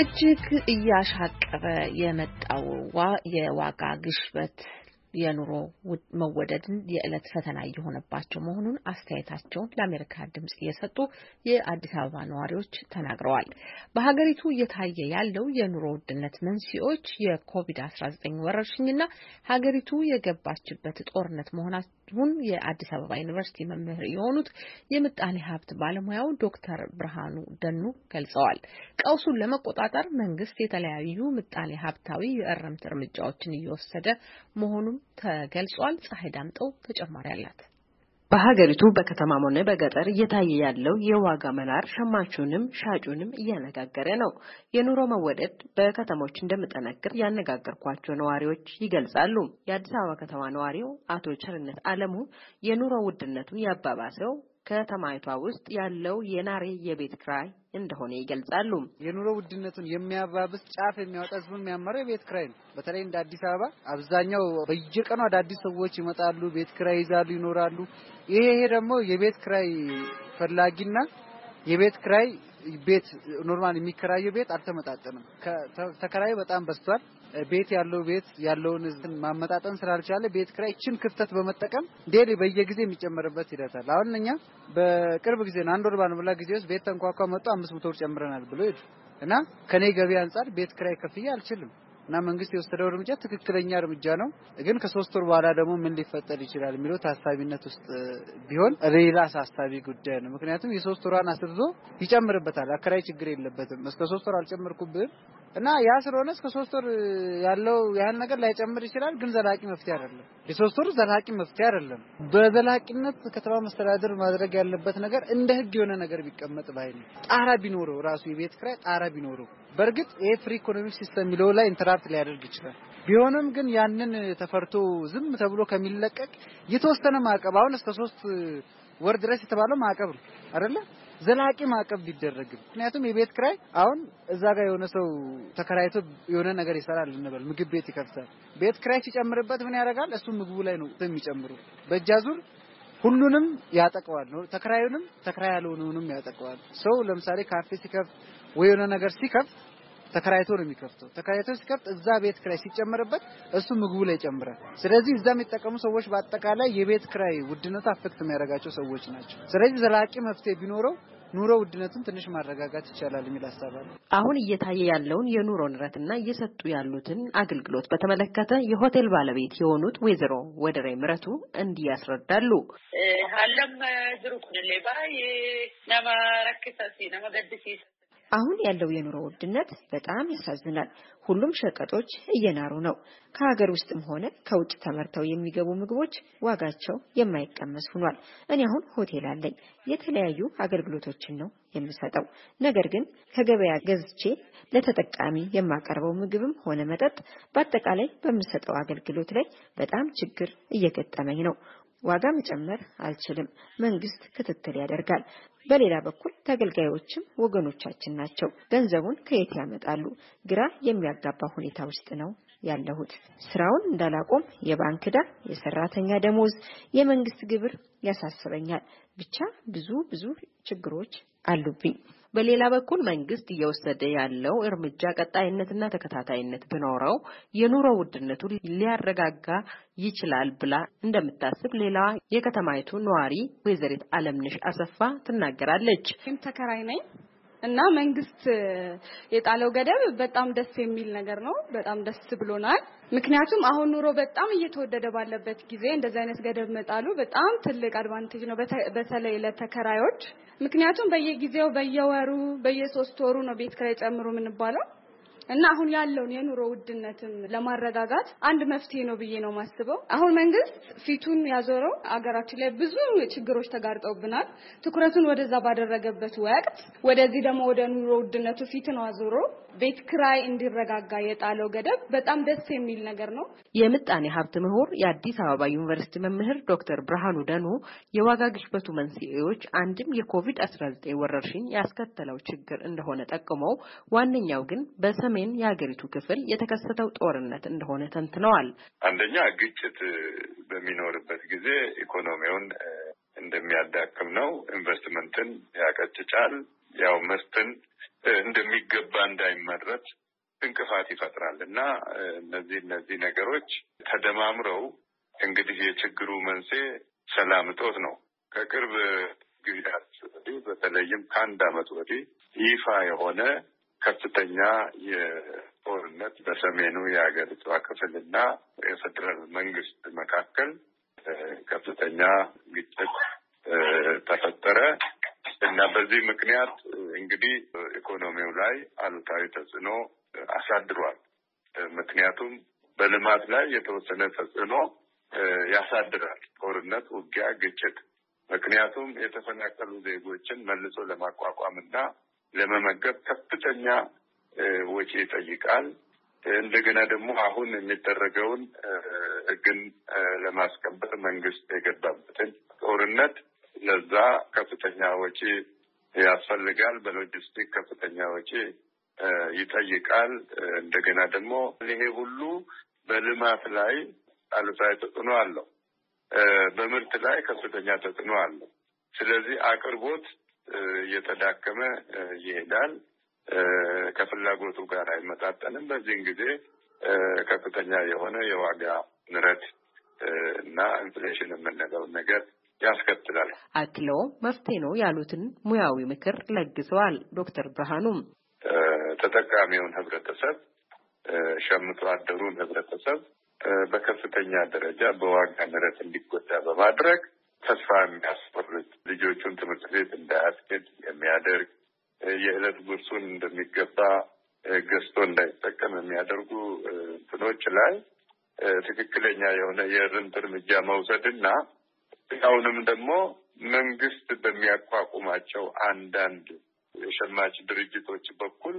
እጅግ እያሻቀበ የመጣው የዋጋ ግሽበት የኑሮ መወደድን የዕለት ፈተና እየሆነባቸው መሆኑን አስተያየታቸውን ለአሜሪካ ድምጽ እየሰጡ የአዲስ አበባ ነዋሪዎች ተናግረዋል። በሀገሪቱ እየታየ ያለው የኑሮ ውድነት መንስኤዎች የኮቪድ-19 ወረርሽኝና ሀገሪቱ የገባችበት ጦርነት መሆናቸውን የአዲስ አበባ ዩኒቨርሲቲ መምህር የሆኑት የምጣኔ ሀብት ባለሙያው ዶክተር ብርሃኑ ደኑ ገልጸዋል። ቀውሱን ለመቆጣጠር መንግስት የተለያዩ ምጣኔ ሀብታዊ የእርምት እርምጃዎችን እየወሰደ መሆኑም ተገልጿል። ፀሐይ ዳምጠው ተጨማሪ አላት። በሀገሪቱ በከተማም ሆነ በገጠር እየታየ ያለው የዋጋ መናር ሸማቹንም ሻጩንም እያነጋገረ ነው። የኑሮ መወደድ በከተሞች እንደምጠነክር ያነጋገርኳቸው ነዋሪዎች ይገልጻሉ። የአዲስ አበባ ከተማ ነዋሪው አቶ ቸርነት አለሙ የኑሮ ውድነቱን ያባባሰው ከተማይቷ ውስጥ ያለው የናሬ የቤት ክራይ እንደሆነ ይገልጻሉ። የኑሮ ውድነቱን የሚያባብስ ጫፍ የሚያወጣ ህዝቡን የሚያመረው የቤት ክራይ ነው። በተለይ እንደ አዲስ አበባ አብዛኛው በየቀኑ አዳዲስ ሰዎች ይመጣሉ፣ ቤት ክራይ ይዛሉ፣ ይኖራሉ። ይሄ ይሄ ደግሞ የቤት ክራይ ፈላጊና የቤት ክራይ ቤት ኖርማል የሚከራየው ቤት አልተመጣጠንም። ተከራዩ በጣም በዝቷል። ቤት ያለው ቤት ያለውን ማመጣጠን ስላልቻለ ቤት ኪራይ ይችን ክፍተት በመጠቀም ዴሊ በየጊዜ የሚጨመርበት ሂደታል። አሁን እኛ በቅርብ ጊዜ አንድ ወር ባልሞላ ጊዜ ውስጥ ቤት ተንኳኳ መጡ አምስት መቶ ብር ጨምረናል ብሎ ሄዱ እና ከኔ ገቢ አንጻር ቤት ክራይ ከፍዬ አልችልም። እና መንግስት የወሰደው እርምጃ ትክክለኛ እርምጃ ነው። ግን ከሶስት ወር በኋላ ደግሞ ምን ሊፈጠር ይችላል የሚለው ታሳቢነት ውስጥ ቢሆን ሌላ አሳሳቢ ጉዳይ ነው። ምክንያቱም የሶስት ወሯን አስርዞ ይጨምርበታል። አከራይ ችግር የለበትም። እስከ ሶስት ወር አልጨምርኩብህም እና ያ ስለሆነ እስከ ሶስት ወር ያለው ያህል ነገር ላይጨምር ይችላል። ግን ዘላቂ መፍትሄ አይደለም። የሶስት ወር ዘላቂ መፍትሄ አይደለም። በዘላቂነት ከተማ መስተዳደር ማድረግ ያለበት ነገር እንደ ህግ የሆነ ነገር ቢቀመጥ ባይ ነው። ጣራ ቢኖረው ራሱ የቤት ክራይ ጣራ ቢኖረው በእርግጥ ይሄ ፍሪ ኢኮኖሚ ሲስተም የሚለው ላይ ኢንተራፕት ሊያደርግ ይችላል። ቢሆንም ግን ያንን ተፈርቶ ዝም ተብሎ ከሚለቀቅ የተወሰነ ማዕቀብ አሁን እስከ ሶስት ወር ድረስ የተባለው ማዕቀብ ነው አይደለ? ዘላቂ ማዕቀብ ቢደረግም ምክንያቱም የቤት ክራይ አሁን እዛ ጋር የሆነ ሰው ተከራይቶ የሆነ ነገር ይሰራል እንበል፣ ምግብ ቤት ይከፍታል። ቤት ክራይ ሲጨምርበት ምን ያደርጋል? እሱ ምግቡ ላይ ነው የሚጨምሩ። በእጅ ሁሉንም ያጠቀዋል ነው ተከራዩንም፣ ተከራይ ያልሆነውንም ያጠቀዋል። ሰው ለምሳሌ ካፌ ሲከፍት ወይ የሆነ ነገር ሲከፍት ተከራይቶ ነው የሚከፍተው። ተከራይቶ ሲከፍት እዛ ቤት ክራይ ሲጨመርበት እሱ ምግቡ ላይ ይጨምራል። ስለዚህ እዛ የሚጠቀሙ ሰዎች በአጠቃላይ የቤት ክራይ ውድነቱ አፌክት የሚያደርጋቸው ሰዎች ናቸው። ስለዚህ ዘላቂ መፍትሄ ቢኖረው ኑሮ ውድነቱን ትንሽ ማረጋጋት ይቻላል የሚል ሀሳብ አለ። አሁን እየታየ ያለውን የኑሮ ንረትና እየሰጡ ያሉትን አገልግሎት በተመለከተ የሆቴል ባለቤት የሆኑት ወይዘሮ ወደሬ ምረቱ እንዲህ ያስረዳሉ። አለም ዝሩ ባይ ነማ ረክሰሲ ነማ አሁን ያለው የኑሮ ውድነት በጣም ያሳዝናል። ሁሉም ሸቀጦች እየናሩ ነው። ከሀገር ውስጥም ሆነ ከውጭ ተመርተው የሚገቡ ምግቦች ዋጋቸው የማይቀመስ ሆኗል። እኔ አሁን ሆቴል አለኝ። የተለያዩ አገልግሎቶችን ነው የምሰጠው። ነገር ግን ከገበያ ገዝቼ ለተጠቃሚ የማቀርበው ምግብም ሆነ መጠጥ፣ በአጠቃላይ በምሰጠው አገልግሎት ላይ በጣም ችግር እየገጠመኝ ነው። ዋጋ መጨመር አልችልም። መንግስት ክትትል ያደርጋል። በሌላ በኩል ተገልጋዮችም ወገኖቻችን ናቸው። ገንዘቡን ከየት ያመጣሉ? ግራ የሚያጋባ ሁኔታ ውስጥ ነው ያለሁት። ስራውን እንዳላቆም የባንክ ዕዳ፣ የሰራተኛ ደሞዝ፣ የመንግስት ግብር ያሳስበኛል። ብቻ ብዙ ብዙ ችግሮች አሉብኝ። በሌላ በኩል መንግስት እየወሰደ ያለው እርምጃ ቀጣይነትና ተከታታይነት ቢኖረው የኑሮ ውድነቱን ሊያረጋጋ ይችላል ብላ እንደምታስብ ሌላ የከተማይቱ ነዋሪ ወይዘሪት አለምነሽ አሰፋ ትናገራለች። ተከራይ ነኝ እና መንግስት የጣለው ገደብ በጣም ደስ የሚል ነገር ነው። በጣም ደስ ብሎናል። ምክንያቱም አሁን ኑሮ በጣም እየተወደደ ባለበት ጊዜ እንደዚህ አይነት ገደብ መጣሉ በጣም ትልቅ አድቫንቴጅ ነው፣ በተለይ ለተከራዮች። ምክንያቱም በየጊዜው በየወሩ በየሶስት ወሩ ነው ቤት ኪራይ ጨምሩ የምንባለው። እና አሁን ያለውን የኑሮ ውድነትም ለማረጋጋት አንድ መፍትሄ ነው ብዬ ነው ማስበው። አሁን መንግስት ፊቱን ያዞረው አገራችን ላይ ብዙ ችግሮች ተጋርጠውብናል። ትኩረቱን ወደዛ ባደረገበት ወቅት ወደዚህ ደግሞ ወደ ኑሮ ውድነቱ ነው አዞሮ ቤት ክራይ እንዲረጋጋ የጣለው ገደብ በጣም ደስ የሚል ነገር ነው። የምጣኔ ሀብት ምሁር የአዲስ አበባ ዩኒቨርሲቲ መምህር ዶክተር ብርሃኑ ደኑ የዋጋ ግሽበቱ መንስኤዎች አንድም የኮቪድ 19 ወረርሽኝ ያስከተለው ችግር እንደሆነ ጠቅመው ዋነኛው ግን በሰሜን የሀገሪቱ ክፍል የተከሰተው ጦርነት እንደሆነ ተንትነዋል። አንደኛ ግጭት በሚኖርበት ጊዜ ኢኮኖሚውን እንደሚያዳክም ነው። ኢንቨስትመንትን ያቀጭጫል። ያው ምርትን እንደሚገባ እንዳይመረት እንቅፋት ይፈጥራል እና እነዚህ እነዚህ ነገሮች ተደማምረው እንግዲህ የችግሩ መንስኤ ሰላም እጦት ነው። ከቅርብ ጊዜያት ወዲህ በተለይም ከአንድ ዓመት ወዲህ ይፋ የሆነ ከፍተኛ የጦርነት በሰሜኑ የሀገሪቷ ክፍልና የፌደራል መንግስት መካከል ከፍተኛ ግጭት ተፈጠረ። እና በዚህ ምክንያት እንግዲህ ኢኮኖሚው ላይ አሉታዊ ተጽዕኖ አሳድሯል። ምክንያቱም በልማት ላይ የተወሰነ ተጽዕኖ ያሳድራል። ጦርነት፣ ውጊያ፣ ግጭት። ምክንያቱም የተፈናቀሉ ዜጎችን መልሶ ለማቋቋም እና ለመመገብ ከፍተኛ ወጪ ይጠይቃል። እንደገና ደግሞ አሁን የሚደረገውን ሕግን ለማስከበር መንግስት የገባበትን ጦርነት ለዛ ከፍተኛ ወጪ ያስፈልጋል። በሎጂስቲክ ከፍተኛ ወጪ ይጠይቃል። እንደገና ደግሞ ይሄ ሁሉ በልማት ላይ አሉታዊ ተጽዕኖ አለው። በምርት ላይ ከፍተኛ ተጽዕኖ አለው። ስለዚህ አቅርቦት እየተዳከመ ይሄዳል። ከፍላጎቱ ጋር አይመጣጠንም። በዚህን ጊዜ ከፍተኛ የሆነ የዋጋ ንረት እና ኢንፍሌሽን የምንለው ነገር ያስከትላል። አክለው መፍትሄ ነው ያሉትን ሙያዊ ምክር ለግሰዋል። ዶክተር ብርሃኑም ተጠቃሚውን ህብረተሰብ ሸምቶ አደሩን ህብረተሰብ በከፍተኛ ደረጃ በዋጋ ንረት እንዲጎዳ በማድረግ ተስፋ የሚያስፈርድ ልጆቹን ትምህርት ቤት እንዳያስኬድ የሚያደርግ የዕለት ጉርሱን እንደሚገባ ገዝቶ እንዳይጠቀም የሚያደርጉ እንትኖች ላይ ትክክለኛ የሆነ የእርምት እርምጃ መውሰድና አሁንም ደግሞ መንግስት በሚያቋቁማቸው አንዳንድ የሸማች ድርጅቶች በኩል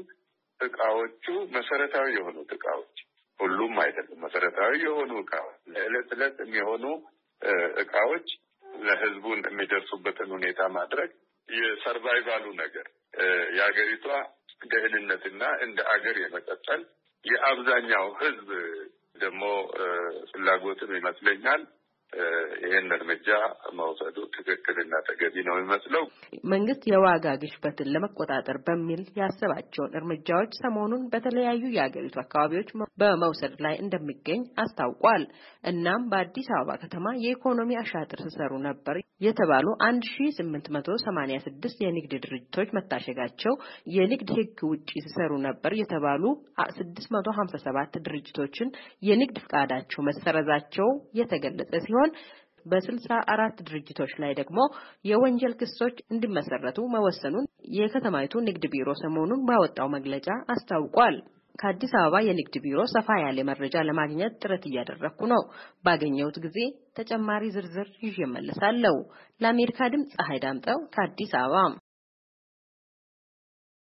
እቃዎቹ መሰረታዊ የሆኑ እቃዎች ሁሉም አይደለም። መሰረታዊ የሆኑ እቃዎች ለዕለት ዕለት የሚሆኑ እቃዎች ለህዝቡን የሚደርሱበትን ሁኔታ ማድረግ የሰርቫይቫሉ ነገር የሀገሪቷ ደህንነትና እንደ አገር የመቀጠል የአብዛኛው ህዝብ ደግሞ ፍላጎትም ይመስለኛል ይህን እርምጃ መውሰዱ ትክክልና ተገቢ ነው የሚመስለው። መንግስት የዋጋ ግሽበትን ለመቆጣጠር በሚል ያሰባቸውን እርምጃዎች ሰሞኑን በተለያዩ የአገሪቱ አካባቢዎች በመውሰድ ላይ እንደሚገኝ አስታውቋል። እናም በአዲስ አበባ ከተማ የኢኮኖሚ አሻጥር ሲሰሩ ነበር የተባሉ አንድ ሺ ስምንት መቶ ሰማኒያ ስድስት የንግድ ድርጅቶች መታሸጋቸው የንግድ ህግ ውጪ ሲሰሩ ነበር የተባሉ ስድስት መቶ ሀምሳ ሰባት ድርጅቶችን የንግድ ፍቃዳቸው መሰረዛቸው የተገለጸ ሲሆን ሲሆን በስልሳ አራት ድርጅቶች ላይ ደግሞ የወንጀል ክሶች እንዲመሰረቱ መወሰኑን የከተማይቱ ንግድ ቢሮ ሰሞኑን ባወጣው መግለጫ አስታውቋል። ከአዲስ አበባ የንግድ ቢሮ ሰፋ ያለ መረጃ ለማግኘት ጥረት እያደረግኩ ነው። ባገኘሁት ጊዜ ተጨማሪ ዝርዝር ይዤ መለሳለሁ። ለአሜሪካ ድምፅ ፀሐይ ዳምጠው ከአዲስ አበባ